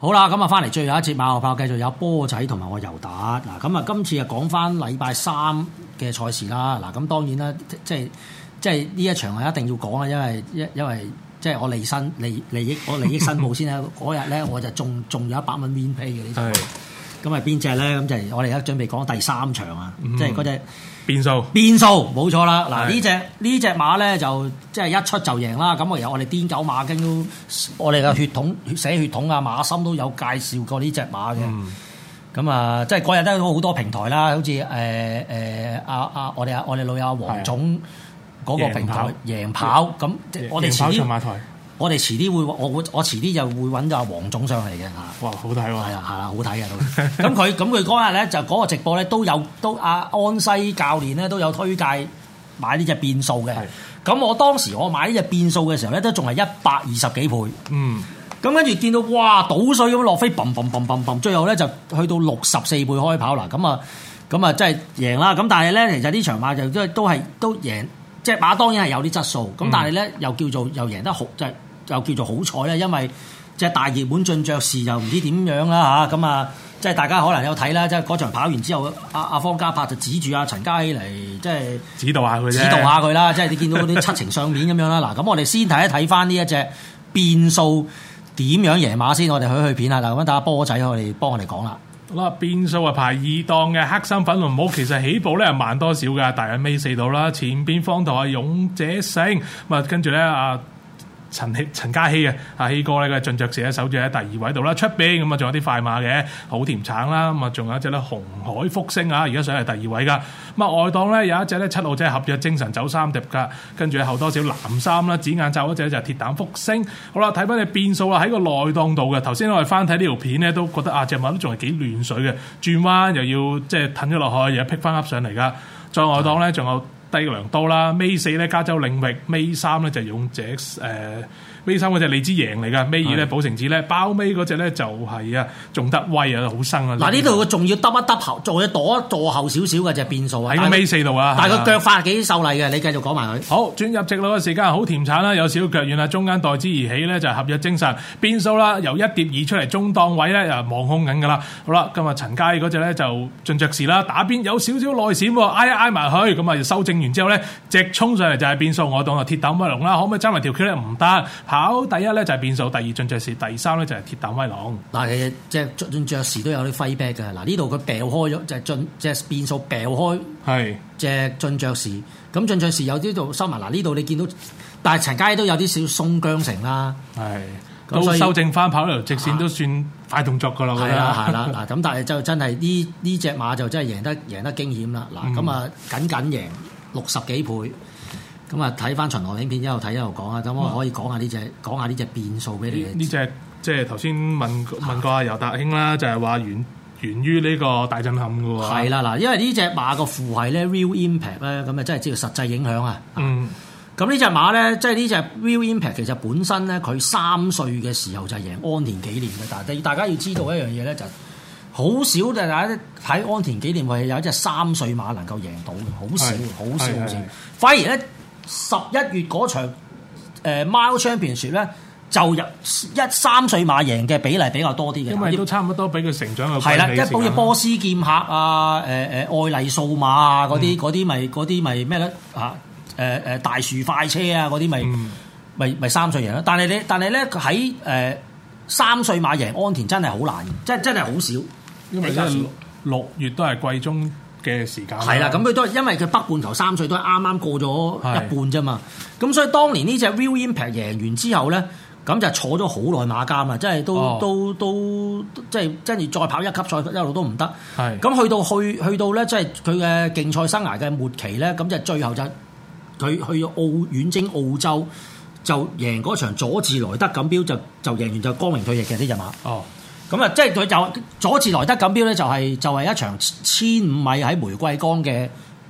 好啦，咁啊，翻嚟最後一節馬後砲，繼續有波仔同埋我尤達。嗱，咁啊，今次啊講翻禮拜三嘅賽事啦，嗱，咁當然啦，即係即係呢一場係一定要講啊，因為一因為即係我利申利利益我利益申報先啦，嗰日咧我就仲中咗一百蚊面飛嘅呢咁係邊隻咧？咁就係我哋而家準備講第三場啊！嗯、即係嗰隻變數，變數冇錯啦。嗱是的 呢隻呢隻馬咧就即係一出就贏啦。咁我有我哋癲狗馬經都，我哋嘅血統，嗯、血血統寫血統啊，馬心都有介紹過呢隻馬嘅。咁啊、嗯，即係嗰日都有好多平台啦，好似誒誒阿阿我哋我哋老友阿黃總嗰個平台贏跑咁，跑我哋前跑上馬台。我哋遲啲會，我會我遲啲就會揾阿黃總上嚟嘅嚇。哇，好睇喎，係啊，係啊，好睇啊。咁佢咁佢嗰日咧就嗰個直播咧都有都阿安西教練咧都有推介買呢隻變數嘅。咁是我當時我買呢隻變數嘅時候咧都仲係一百二十幾倍。嗯。咁跟住見到哇，倒水咁落飛，嘣嘣嘣，最後咧就去到六十四倍開跑啦。咁啊，咁啊，真係贏啦。咁但係咧，其實呢場馬就都都係都贏，即係馬當然係有啲質素。咁但係咧又叫做又贏得好，即係。又叫做好彩咧，因為隻大熱門進著時又唔知點樣啦吓，咁啊，即係大家可能有睇啦，即係嗰場跑完之後，阿、啊、阿方嘉柏就指住阿、啊、陳嘉熙嚟即係指導下佢，指導下佢啦，即係你見到啲七情相片咁樣啦。嗱，咁我哋先睇一睇翻呢一隻變數點樣贏馬先，我哋去去片下嗱，咁樣打波仔，我哋幫我哋講啦。嗱， 變數啊排二檔嘅黑心粉紅帽，其實起步咧慢多少嘅，大約尾四到啦，前邊方台勇者勝，咁啊跟住咧啊。啊陳希、陳家希啊，阿希哥咧，佢係盡著勢守住喺第二位度啦。出兵咁啊，仲有啲快馬嘅好甜橙啦，咁啊仲有一隻咧紅海福星啊，而家上喺第二位噶。咁啊外檔咧有一隻咧七號仔合咗精神走三碟噶，跟住後多少藍衫啦、啊，紫眼罩嗰隻就鐵膽福星。好啦，睇翻你變數啦、啊，喺個內檔度嘅頭先我哋翻睇呢條片咧，都覺得啊隻馬都仲係幾亂水嘅，轉彎又要即係褪咗落去，又要 pick 翻 up 上嚟噶。再外檔咧仲有、嗯。低良多啦，m 尾四咧，加州領域，m 尾三咧，就用只誒、呃。尾三嗰隻荔枝贏嚟噶，尾二咧，寶城子咧，包尾嗰隻咧就係、是、啊，仲得威啊，好生啊！嗱、啊，呢度仲要耷一耷後，仲要躲一坐後少少嘅就係變數啊！喺尾四度啊，但係個腳法幾秀麗嘅，你繼續講埋佢。好，轉入直路嘅時間，好甜橙啦，有少少腳軟，然後中間代之而起咧，就係、是、合約精神變數啦。由一碟二出嚟中檔位咧，又望空緊噶啦。好啦，今日陳佳嗰隻咧就進爵士啦，打邊有少少內閃喎，挨一挨埋去，咁啊修正完之後咧，直衝上嚟就係變數，我當係鐵膽威龍啦，可唔可以爭埋條 K 咧？唔得。跑第一咧就係變數，第二進爵士，第三咧就係鐵膽威朗。嗱，其實即係進爵士都有啲 feedback 嘅。嗱，呢度佢掉開咗，即係進即係變數掉開，係即係進爵士。咁進爵士有啲度收埋。嗱，呢度你見到，但係陳佳都有啲少鬆僵城啦。係是，都修正翻跑呢條直線都算快動作噶啦。係啦、啊，係啦、啊。嗱、啊，咁、啊、 但係就真係呢呢隻馬就真係贏得贏得驚險啦。嗱、嗯，咁啊，僅僅贏六十幾倍。咁啊，睇翻巡邏影片，一路睇一路講啊，咁我可以講下呢隻，講下呢隻變數俾你。呢隻即係頭先問問過阿尤達興啦，就係話源源於呢個大震撼嘅喎。係啦，嗱，因為呢隻馬個父係咧 real impact 咧，咁啊真係知道實際影響啊。嗯。咁呢隻馬咧，即係呢隻 real impact，其實本身咧，佢三歲嘅時候就係贏安田紀念嘅，但係大家要知道一樣嘢咧，就好少嘅大家睇安田紀念，會有一隻三歲馬能夠贏到嘅，好少，好少，好少。反而咧～十一月嗰場誒 Mile Championship 咧，就入一三歲馬贏嘅比例比較多啲嘅，因為都差唔多俾佢成長嘅的。係啦的，一好似波斯劍客啊、誒、呃、誒、呃、愛麗數碼啊嗰啲、啲咪嗰啲咪咩咧嚇？誒誒、嗯就是啊呃、大樹快車啊嗰啲咪咪咪三歲贏啦。但係你但係咧喺誒三歲馬贏安田真係好難，即係真係好少。因為六六月都係季中。嘅時間係啦，咁佢都係因為佢北半球三歲都係啱啱過咗一半啫嘛，咁是的 所以當年呢隻 Real Impact 贏完之後咧，咁就坐咗好耐馬監啊，即係都、哦、都都即係跟住再跑一級賽一路都唔得，係咁是的 去到去去到咧，即係佢嘅競賽生涯嘅末期咧，咁就最後就佢去澳遠征澳洲就贏嗰場佐治萊德錦標就就贏完就光明退役嘅呢隻馬哦。咁啊，即係佢就佐治萊德錦標咧，就係，就係就係一場千五米喺玫瑰崗嘅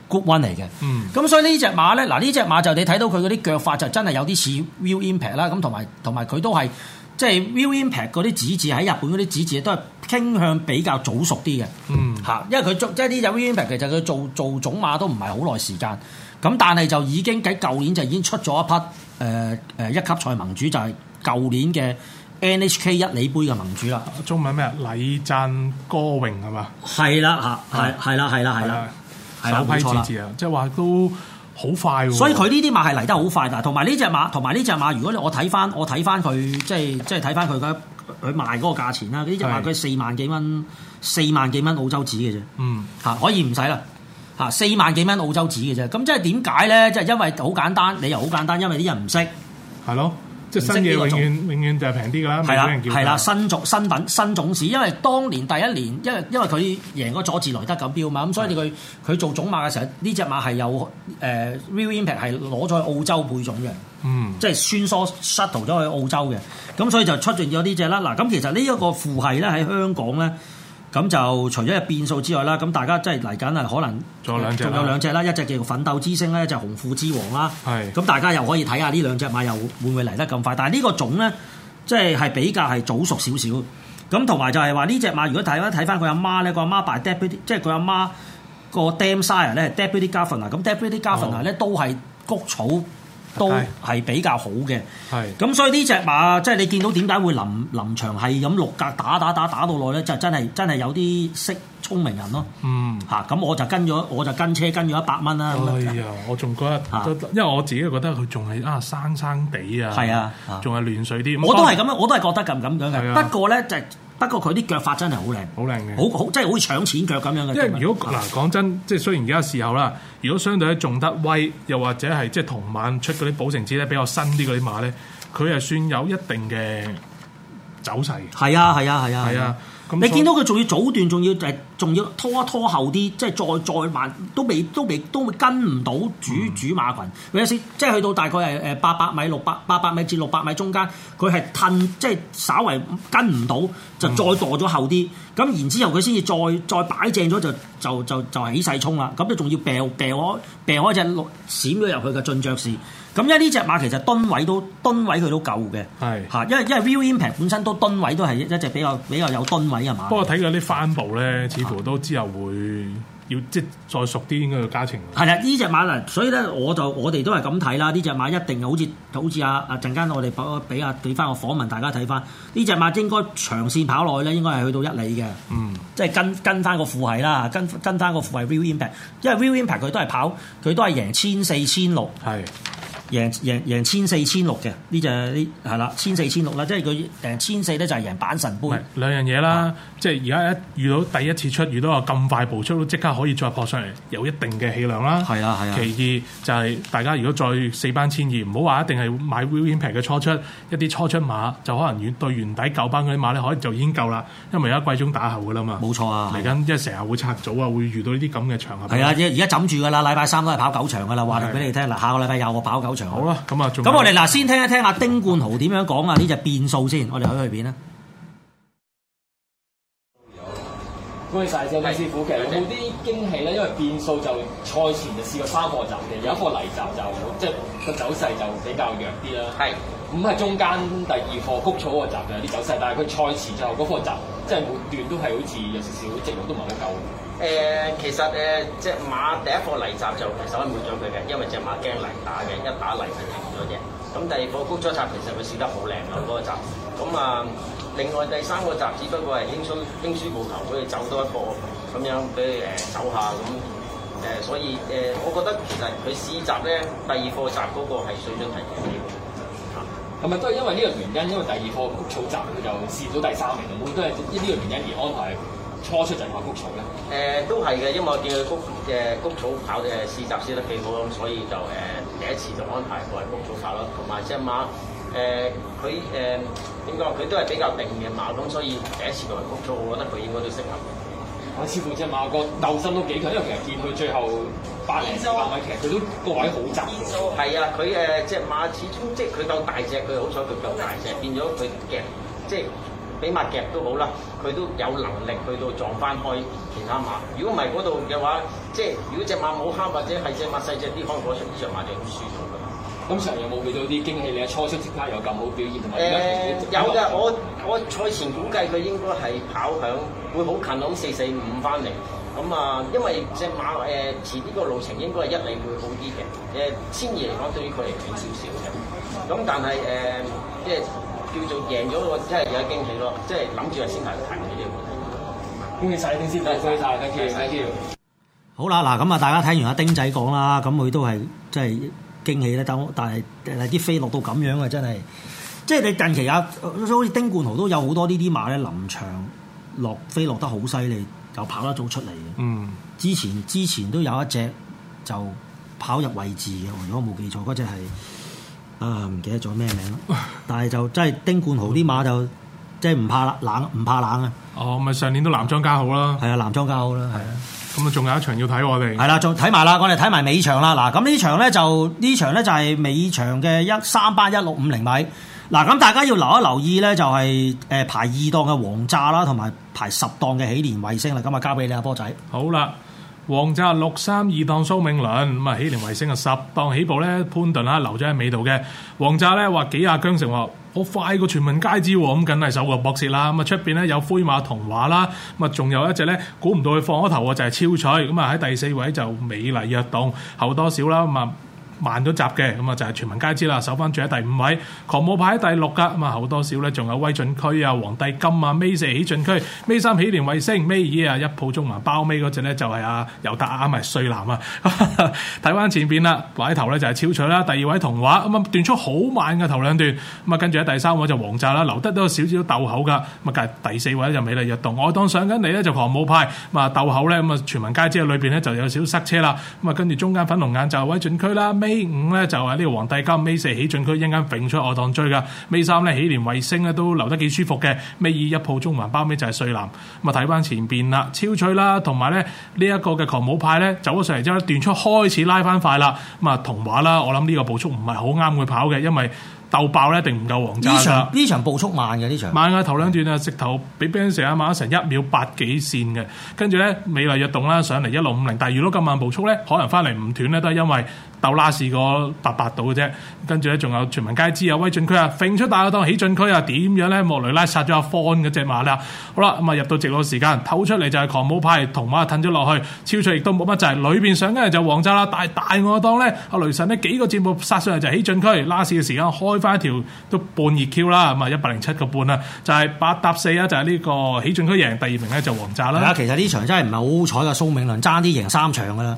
Group One 嚟嘅。嗯，咁所以隻呢隻馬咧，嗱呢隻馬就你睇到佢嗰啲腳法就真係有啲似 Will Impact 啦。咁同埋同埋佢都係即係 Will Impact 嗰啲子嗣喺日本嗰啲子嗣都係傾向比較早熟啲嘅。嗯，嚇，因為佢即係呢隻 Will Impact 其實佢做做種馬都唔係好耐時間，咁但係就已經喺舊年就已經出咗一匹誒誒一級賽盟主就，就係舊年嘅。NHK 一哩杯嘅盟主啦，中文咩啊？禮讚歌詠係嘛？係啦吓，係係啦係啦係啦，首批字字啊，即係話都好快。所以佢呢啲馬係嚟得好快，嗱，同埋呢隻馬，同埋呢隻馬，如果你我睇翻，我睇翻佢，即係即係睇翻佢嘅賣嗰個價錢啦。呢隻馬佢四萬幾蚊，四萬幾蚊澳洲紙嘅啫。嗯，吓可以唔使啦，吓四萬幾蚊澳洲紙嘅啫。咁即係點解咧？即係因為好簡單，理由好簡單，因為啲人唔識，係咯。即係新嘢永遠永遠就係平啲㗎啦，唔係俾人叫。係啦，新種新品新種子，因為當年第一年，因為因為佢贏咗佐治萊德錦標嘛，咁所以佢佢是的 做種馬嘅時候，呢隻馬係有誒、呃、Real Impact 係攞咗去澳洲配種嘅，嗯，即係穿梭 shuttle 咗去澳洲嘅，咁所以就出現咗呢隻啦。嗱，咁其實呢一個父系咧喺香港咧。咁就除咗係變數之外啦，咁大家即係嚟緊係可能仲有兩隻，仲有兩隻啦，一隻叫做「奮鬥之星」咧就係雄富之王啦。係是，咁大家又可以睇下呢兩隻馬又會唔會嚟得咁快？但係呢個種咧，即係係比較係早熟少少。咁同埋就係話呢隻馬，如果大家睇翻佢阿媽咧，個阿媽 by d e b r 即係佢阿媽個 dam sire 咧，dead b r e e g a f f a n a 咁 dead breed g a f f a n a 咧都係谷草。都係比較好嘅，咁是所以呢隻馬即係、就是、你見到點解會臨臨場係咁六格打打打打到落去呢？就真係真係有啲識聰明人咯。嗯，嚇咁、啊、我就跟咗，我就跟車跟咗一百蚊啦。哎呀，我仲覺得，啊、因為我自己覺得佢仲係啊，生生地啊，係啊，仲係亂水啲。我都係咁樣，我都係覺得咁咁樣嘅。啊、不過咧就是。不過佢啲腳法真係好靚，好靚嘅，好好即係好似搶錢腳咁樣嘅。即係如果嗱講的真，即係雖然而家時候啦，如果相對喺重德威，又或者係即係同晚出嗰啲保成子咧比較新啲嗰啲馬咧，佢係算有一定嘅走勢。係啊係啊係啊係啊！你見到佢仲要阻斷，仲要誒，仲要拖一拖後啲，即係再再慢，都未都未都跟唔到主主馬群，嗰陣時即係去到大概誒誒八百米，六百八百米至六百米中間，佢係褪，即係稍為跟唔到，就再墮咗後啲。咁、嗯、然之後佢先至再再擺正咗，就就就就起勢衝啦。咁你仲要掉掉開掉開隻落閃咗入去嘅進爵士。咁因為呢隻馬其實噸位都噸位都，佢都夠嘅，係嚇。因為因為 Real Impact 本身都噸位都係一隻比較比較有噸位嘅馬。不過睇佢啲帆布咧，似乎都之後會要即再熟啲，應該個價情。係啦，呢隻馬啦，所以咧我，我就我哋都係咁睇啦。呢隻馬一定好似好似阿阿陣間我哋俾俾阿俾翻個訪問大家睇翻呢隻馬，應該長線跑落去咧，應該係去到一里嘅，嗯，即係跟跟翻個父係啦，跟跟翻個父係 Real Impact，因為 Real Impact 佢都係跑佢都係贏千四千六係。贏贏贏千四千六嘅呢就啲係啦，千四千六啦，即係佢贏千四咧就係贏板神杯兩樣嘢啦。即係而家一遇到第一次出，遇到話咁快步出，即刻可以再破上嚟，有一定嘅氣量啦。係啊，係啊。其二就係大家如果再四班千二，唔好話一定係買威廉平嘅初出一啲初出馬，就可能遠對原底舊班嗰啲馬咧，可能就已經夠啦，因為而家季中打後噶啦嘛。冇錯啊！嚟緊即係成日會拆組啊，會遇到呢啲咁嘅場合。係啊，而家枕住噶啦，禮拜三都係跑九場噶啦，話嚟俾你聽嗱，下個禮拜又我跑九。好啦，咁啊，咁我哋嗱先聽一聽阿丁冠豪點樣講啊？呢隻變數先，我哋去邊啦。恭喜晒，謝李是師傅。其實有冇啲驚喜咧，因為變數就賽前就試過三個集嘅，有一個泥集就係就係、即係個走勢就比較弱啲啦。係是，咁係中間第二個谷草個集就有啲走勢，但係佢賽前就嗰個集。即係每段都係好似有少少積木都唔係好夠。誒、嗯，其實誒隻、呃、馬第一個泥閘就手尾換咗佢嘅，因為隻馬驚泥打嘅，一打泥佢停咗嘅。咁第二個谷草閘其實佢試得好靚啊嗰個閘。咁、嗯、啊，另外第三個閘只不過係英輸英輸步頭嗰度走多一步咁樣俾誒走下咁。誒，所以誒、呃，我覺得其實佢試閘咧，第二個閘嗰個係水準最強。係咪都係因為呢個原因？因為第二科谷草集佢就試到第三名，咁都係因呢個原因而安排初出就考谷草咧？誒、呃，都係嘅，因為我見佢谷誒谷草考嘅試習試得幾好咁，所以就誒、呃、第一次就安排佢係谷草考啦。同埋隻馬誒佢誒點講？佢、呃呃、都係比較定嘅馬咁，所以第一次佢係谷草，我覺得佢應該都適合。我似乎隻馬個鬥心都幾強，因為其實見佢最後百零百米，其實佢都個位好窄。係、嗯嗯嗯嗯嗯、啊，佢誒隻馬始終即係佢夠大隻，佢好彩佢夠大隻變咗佢夾，即係比，比，俾馬夾都好啦。佢都有能力去到撞翻開其他馬，如果唔係度嘅話，即係如果隻馬冇黑或者係隻馬細隻啲，可能場啲場馬就好舒服咗。咁成日有冇遇到啲驚喜？你啊，初出即刻有咁好表現，同埋有嘅。我我賽前估計佢應該係跑響會好近，好四四五翻嚟。咁、嗯、啊，因為隻馬誒遲啲個路程應該係一里會好啲嘅。誒、呃、千二嚟講，對於佢嚟講少少嘅。咁、嗯、但係誒，即、呃、係叫做贏咗個，真係有啲驚喜咯。即係諗住係先嚟停嘅呢個問題。恭喜晒丁先生，恭喜晒，恭喜晒。好啦，嗱咁啊，大家睇完阿丁仔講啦，咁佢都係即係。驚喜咧，但係但係啲飛落到咁樣啊，真係，即係你近期啊，好似丁冠豪都有好多呢啲馬咧，臨場落飛落得好犀利，就跑得早出嚟嘅。嗯之，之前之前都有一隻就跑入位置嘅，如果我冇記錯，嗰隻係啊唔記得咗咩名 但係就真係丁冠豪啲馬就即係唔怕冷，唔怕冷啊。哦，咪上年都南莊加好啦，係啊，南莊加好啦，係、嗯、啊。咁啊，仲有一場要睇我哋係啦，仲睇埋啦，我哋睇埋尾場啦。嗱，咁呢、就是、場咧就呢場咧就係尾場嘅一三班一六五零米。嗱，咁大家要留一留意咧，就係、是、誒、呃、排二檔嘅黃炸啦，同埋排十檔嘅喜連衛星啦。咁啊，交俾你阿波仔。好啦，黃炸六三二檔蘇銘倫，咁啊喜連衛星啊十檔起步咧，潘頓啦、啊、留咗喺尾度嘅黃炸咧，話幾啊姜成學。好快過全民皆知喎，咁梗係首個博士啦，咁啊出邊咧有灰馬童話啦，咁啊仲有一隻咧，估唔到佢放咗頭啊就係超彩，咁啊喺第四位就美麗躍動後多少啦，咁啊。慢咗閘嘅，咁、嗯、啊就係、是、全民皆知啦，守翻住喺第五位，狂舞派喺第六噶，咁啊好多少咧，仲有威進區啊、皇帝金啊、May 四喜進區、May 三喜聯衞星、May 二一啊一鋪中環包尾嗰陣咧就係、是、啊，尤達男啊，唔係穗南啊，睇翻前邊啦，擺頭咧就係超彩啦，第二位童話，咁啊斷出好慢嘅頭兩段，咁啊跟住喺第三位就黃炸啦，留得都少少鬥口噶，咁啊隔第四位咧就美麗躍動，我當上緊嚟咧就狂舞派，咁啊鬥口咧咁啊全民皆知，裏邊咧就有少少塞車啦，咁啊跟住中間粉紅眼就威進區啦，A 五咧就係呢個皇帝金，尾四起進區一間揈出外檔追㗎。尾三咧起連衞星咧都留得幾舒服嘅。尾二一鋪中環包尾就係穗南咁啊。睇翻前邊啦，超脆啦，同埋咧呢一個嘅狂舞派咧走咗上嚟之後，斷出開始拉翻快啦。咁啊，童話啦，我諗呢個步速唔係好啱佢跑嘅，因為鬥爆咧一定唔夠王炸。呢場呢場步速慢嘅呢場慢啊，頭兩段啊的直頭俾 Ben Sir 啊慢咗成一秒八幾線嘅。跟住咧美麗躍動啦上嚟一六五零，但係如果咁慢步速咧，可能翻嚟唔斷咧都係因為。斗拉士個八八到嘅啫，跟住咧仲有全民皆知啊，威進區啊，揈出大個當，起進區啊點樣咧？莫雷拉殺咗阿方嗰隻馬啦。好啦，咁啊入到直路時間，透出嚟就係狂舞派同馬褪咗落去，超出亦都冇乜就係裏邊上嘅，嚟就王炸啦。但係大外檔咧，阿雷神呢幾個節目殺上去就起進區。拉士嘅時間開翻一條都半熱 Q 啦，咁啊一百零七個半啊，就係八搭四啊，就係呢個起進區贏第二名咧就王炸啦。其實呢場真係唔係好彩噶，蘇銘倫爭啲贏三場噶啦。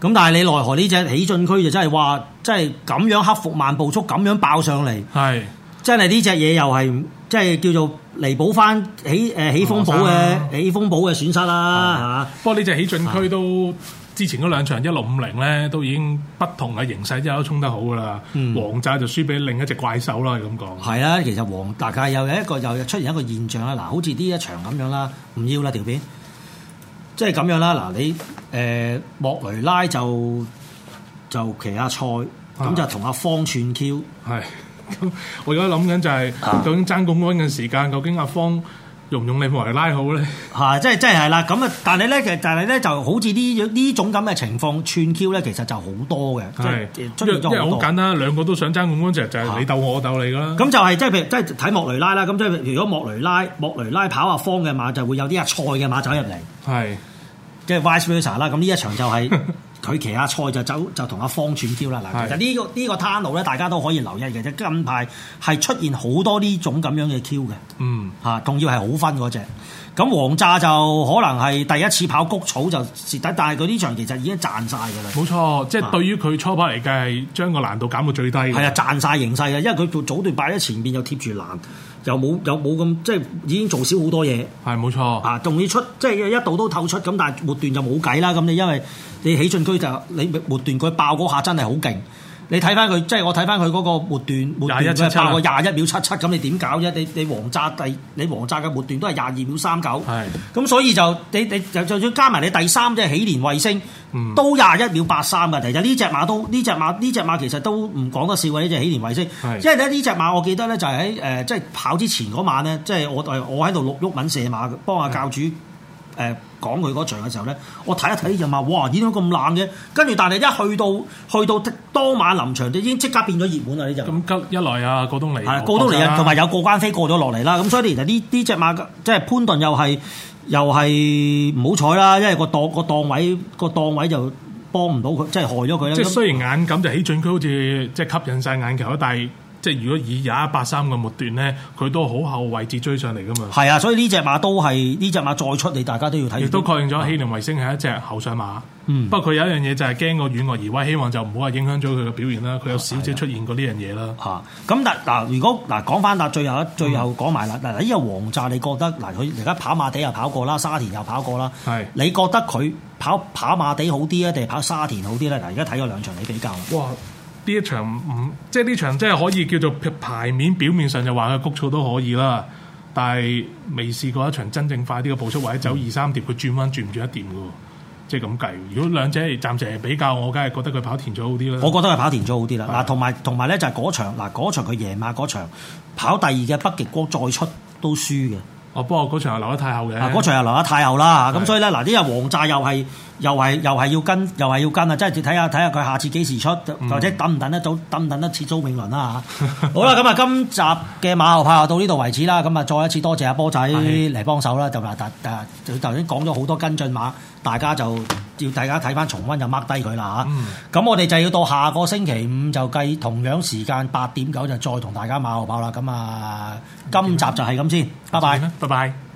咁但係你奈何呢隻起進區就真係話，即係咁樣克服慢步速，咁樣爆上嚟，係是真係呢隻嘢，又係即係叫做彌補翻起誒、呃、起風寶嘅、啊、起風寶嘅損失啦吓。是吧不過呢隻起進區都之前嗰兩場一六五零咧，都已經不同嘅形勢，都衝得好噶啦。啊、王澤就輸俾另一隻怪獸啦，咁講。係啊，其實黃大家又有一個又出現一個現象啦，嗱，好似呢一場咁樣啦，唔要啦，條片。即係咁樣啦，嗱你誒、呃、莫雷拉就就騎下賽，咁、啊、就同阿方串 Q。係，咁我而家諗緊就係、是啊、究竟爭咁多嘅時間，究竟阿方？用用你莫雷拉好咧，嚇、 啊！即係即係係啦，咁啊！但係咧，其實但係咧，就好似呢種呢種咁嘅情況串 Q 咧，其實就好多嘅。係的，即出現咗好多。因為好簡單，的兩個都想爭咁安靜，就係、是、你鬥我，的我鬥你噶啦。咁就係即係譬如，即係睇莫雷拉啦。咁即係如果莫雷拉，莫雷拉，莫，雷拉莫雷拉跑下、啊、方嘅馬，就會有啲啊賽嘅馬走入嚟。係的， 即係 vice versa 啦。咁呢一場就係、是。 佢騎下賽就走就同阿方寸 Q 啦嗱，其實呢、呢個呢、呢個攤路咧，大家都可以留意嘅。即近排係出現好多呢種咁、嗯啊、樣嘅 Q 嘅，嗯嚇，仲要係好分嗰隻。咁王炸就可能係第一次跑谷草就蝕底，但係佢呢場其實已經賺晒嘅啦。冇錯，即、就、係、是、對於佢初跑嚟計，啊、將個難度減到最低。係啊，賺晒形勢嘅，因為佢早段擺喺前邊又貼住欄。又冇又冇咁即係已經做少好多嘢，係冇錯啊，仲要出即係一度都透出咁，但係末段就冇計啦。咁你因為你起進區就你末段佢爆嗰下真係好勁。你睇翻佢，即係我睇翻佢嗰個末段末段都爆個廿一秒七七，咁你點搞啫？你你黃澤第你黃澤嘅末段都係廿二秒三九，咁所以就你你就就算加埋你第三隻喜蓮衞星，嗯、都廿一秒八三嘅。其實呢隻馬都呢隻馬呢隻馬其實都唔講得笑嘅呢隻喜蓮衞星，即是的 為咧呢隻馬，我記得咧就係喺誒即係跑之前嗰晚咧，即、就、係、是、我我喺度錄毓民射馬幫下教主、嗯。誒講佢嗰場嘅時候咧，我睇一睇就話，哇點解咁爛嘅，跟住但係一去到去到當晚臨場，就已經即刻變咗熱門啦！呢就咁急一來啊，過冬嚟係過冬嚟啊，同埋是有過關飛過咗落嚟啦，咁、啊、所以其實呢呢隻馬即係潘頓又係又係唔好彩啦，因為個檔、個檔位、個檔位就幫唔到佢，即係害咗佢。即係雖然眼感就起進區好似即係吸引晒眼球，但係。即係如果以廿一八三嘅末段咧，佢都好後位置追上嚟噶嘛？係啊，所以呢隻馬都係呢隻馬再出嚟，大家都要睇。亦都確認咗希凌衛星係一隻後上馬。嗯，不過佢有一樣嘢就係驚個軟外而威，希望就唔好話影響咗佢嘅表現啦。佢有少少出現過呢樣嘢啦。嚇、啊，咁但嗱，如果嗱講翻嗱最後最後講埋啦，嗱嗱，依個王炸你覺得嗱，佢而家跑馬地又跑過啦，沙田又跑過啦，係的，你覺得佢跑跑馬地好啲啊，定係跑沙田好啲咧？嗱，而家睇過兩場你比較。哇呢一場唔，即係呢場即係可以叫做牌面表面上就話佢谷草都可以啦，但係未試過一場真正快啲嘅步速，或者走二三碟，佢轉彎轉唔轉一碟嘅喎，即係咁計。如果兩者暫時係比較，我梗係覺得佢跑田草好啲啦。我覺得係跑田草好啲啦。嗱是的，同埋同埋咧就係嗰場嗱嗰場佢夜馬嗰場跑第二嘅北極光再出都輸嘅。我幫我嗰場又留得太後嘅、啊，嗰、嗰個、場又留得太後啦。咁是所以咧，嗱啲人王炸又係又係又係要跟，又係要跟啊！即係要睇下睇下佢下次幾時出，嗯、或者等唔等得到，等唔等得切蘇永倫啦、啊、嚇。 好啦，咁、嗯、啊，今集嘅馬後砲到呢度為止啦。咁、嗯、啊，再一次多謝阿波仔嚟幫手啦。就嗱的，但但頭先講咗好多跟進馬，大家就～要大家睇翻重溫就掹低佢啦嚇，咁、嗯、我哋就要到下個星期五就計同樣時間八點九就再同大家馬後炮啦。咁啊，今集就係咁先，拜拜，拜拜。